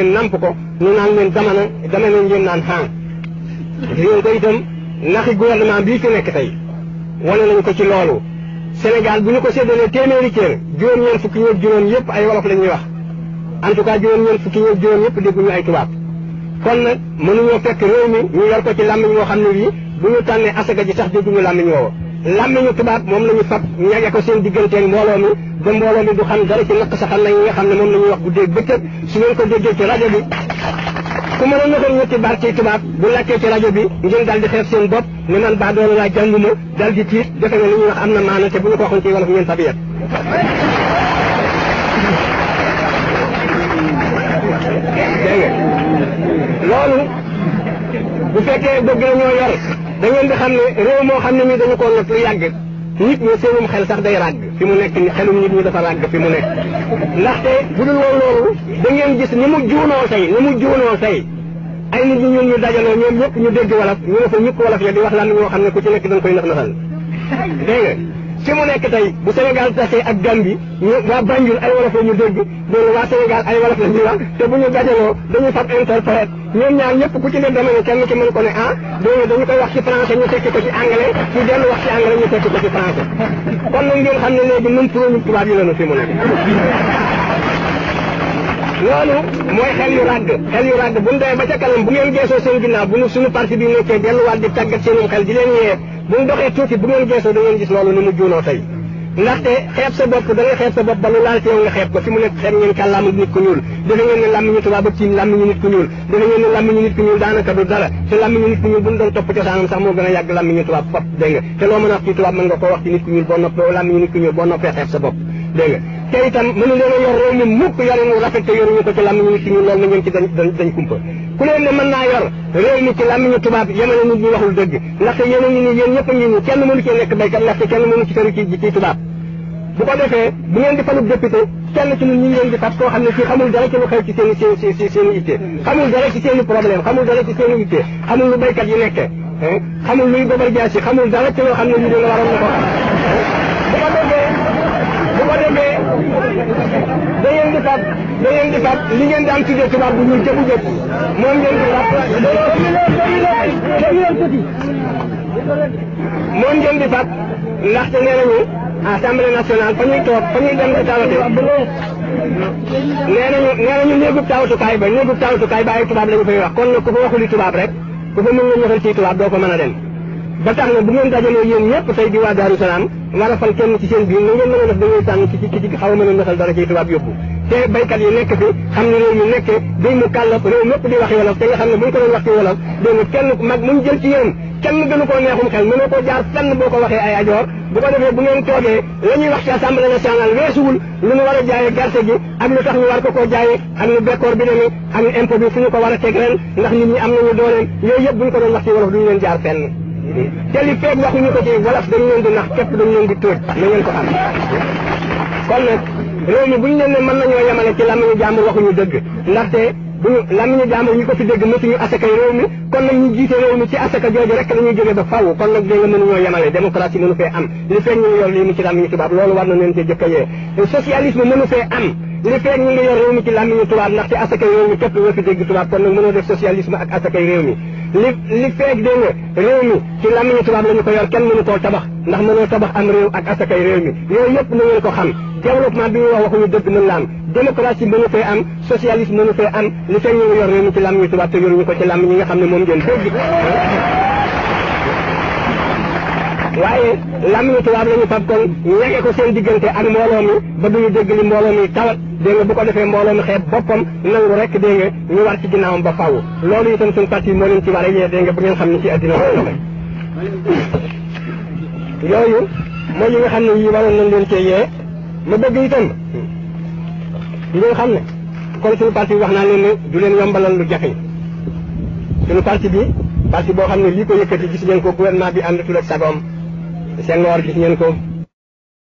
ngeen namp ko nu naan leen damana na ngeen naan xaan yooyu ko itam naxi gouvernement bii fi nekk tey wane nañ ko ci loolu Sénégal bu ñu ko séddalee téeméeri cër juróom-ñeent fukki ñëpp juróom yëpp ay wolof la ñuy wax en tout cas juróom-ñeent fukki ñëpp juróom yëpp dégguñu ay tubaab kon nag mënuñoo fekk réew mi ñu yor ko ci làmmiñ woo xam ne bii bu ñu tànnee asaka ji sax dégguñu làmmiñ làmmiñu tubaab moom la ñu fab ñage ko seen digganteeg mbooloo mi ba mbooloo mi du xam dara ci naq saxal nañ nga xam ne moom la wax bu dégg bëccëg su ngeen ko déggee ci rajo bi ku mën a naxoon ñetti baat tubaab bu lakkee ci rajo bi ngeen daal di seen bopp ne man baa doon laa jànguma daal di tiit defe ne li wax am na maana te bu ñu ko waxoon ci wolof ngeen tabiyat dégg nga loolu bu fekkee bëgg na ñoo da ngeen di xam ne réew moo xam ne mii dañu koo not lu yàgg nit ñi seenum xel sax day ràgg fi mu nekk ni xelum nit ñi dafa ràgg fi mu nekk ndaxte bu dul woon loolu da ngeen gis ni mu juunoo say ni mu juunoo say ay nit ñi ñun ñu dajaloo ñoom ñëpp ñu dégg wolof ñu ne fa ñukk wolof ya di wax lan moo xam ne ku ci nekk da koy nax naxal dégg fi mu nekk tey bu Sénégal tasee ak Gambie ñu waa Banjul ay wolof la ñu dégg loolu waa Sénégal ay wolof la ñuy wax te bu ñu dajaloo dañuy fab interprète ñoom ñaar ñëpp ku ci leen demee kenn ci mën ko ne ah dégg dañu koy wax ci français ñu tekki ko ci anglais ñu dellu wax ci anglais ñu tekki ko ci français ñu tubaab yi la ñu kanam bu ngeen geesoo seen ginnaaw bu ñu suñu parti bi nekkee delluwaat di tàggat seenum xel di leen yee buñ doxee tuuti bu ngeen geesoo da ngeen gis loolu ni mu juunoo tey ndaxte xeeb sa bopp da ngay sa bopp ba lu laal ci nga xeeb ko fi mu nekk xeeb ngeen kàllaama nit ku ñuul defe ngeen nit ku ñuul defe ngeen nit ku ñuul daanaka du dara te làmmiñu nit ku ñuul bu ñu doon topp cosaanam sax moo gën a yàgg làmmiñu tubaab fop dégg te loo mën a wax ci tubaab mën nga koo wax ci nit ku ñuul boo noppee làmmiñu nit ku ñuul boo noppee xeeb sa bopp dégg te itam mënu leen a yor réew mi mukk yorin wu rafet te yoruñu ko ci làmmiñu suñu loolu na ngeen ci dañ kumpa ku leen ne mën naa yor réew mi ci làmmiñu tubaab yemale nit ñu waxul dëgg ndaxte yéen a ngi nii yéen ñëpp a nii kenn mënu ci nekk béykat ndaxte kenn mënu ci tëru ci tubaab bu ko defee bu ngeen di falub député kenn ci ñun ñu ngi di fab koo xam ne kii xamul dara ci lu xew ci seen i xamul dara ci seen i xamul lu béykat yi nekkee xamul luy na da ngeen di fab da ngeen di fab li ngeen daan tuddee tubaab bu ñu jëbu jëbu moom ngeen di fab moom ngeen di fab ndaxte nee nañu assemblée nationale fa ñuy toog fa ñuy dem di tawate nee nañu nee nañu néegub tawatukaay ba néegub tawatukaay ba ay tubaab la ñu fay wax kon nag ku fa waxuli tubaab rek ku fa mën nga ñëfal ci tubaab doo ko mën a dem ba tax na bu ngeen dajaloo yéen ñëpp tey di waa Salaam war a fal kenn ci seen biir na ngeen mën a def da ngay tànn ci ci ci xaw a mën a ndaxal ci tubaab yóbbu te baykat yi nekk fi xam ne réew mi nekkee day mu kàllaf réew mépp di waxi wolof te nga xam ne bu ñu ko doon wax ci wolof a jaayee gerte gi ak lu a teg ren ndax nit du ñu leen jaar fenn te li feeg waxuñu ko ci wolof dañu leen di nax képp dañu leen di tóoj na ngeen ko xam kon nag réew mi bu ñu leen ne mën nañoo yemale ci làmmiñu jàmbur waxuñu dëgg ndaxte bu ñu làmmiñu jàmbur ñu ko fi dégg mësuñu asaka réew mi kon nag ñu jiite réew mi ci asaka jooju rek la ñuy jógee ba kon nag dégg nga mënuñoo yemale démocratie mënu fee am li feeg ñu ngi yor lii mu ci làmmiñu tubaab loolu war na leen cee jëkk a yee socialisme mënu fee am li feeg ñu ngi yor li li feeg dégg nga réew mi ci làmmiñu tubaab la ko yor kenn mënu koo tabax ndax mënoo tabax am réew ak asakay réew mi yooyu yëpp na ngeen ko xam développement bi ñuy wax waxuñu dëgg mën la am démocratie mënu fee am socialisme mënu fee am li feeg ñu ngi yor réew mi ci làmmiñu tubaab te yoruñu ko ci làmmiñ ñi nga xam ne moom ngeen dégg làmmiñu tubaab la ñu fab kon ñege ko seen diggante ak mbooloo mi ba duñu dégg li mbooloo mi tawat dégg bu ko defee mbooloo mi xeeb boppam nangu rek dégg nga ñu war ci ginnaawam ba faaw loolu moo leen ci war a yee dégg nga bu ngeen xam ne ci addina yooyu mooy yi nga xam ne yi waroon nañ xam ne kon suñu parti bi wax naa leen du leen yombalal lu jafe suñu parti bi parti boo xam ne lii ko yëkkati gis ngeen ko gouvernement bi àndatul ak sagoom seen woor gis ngeen ko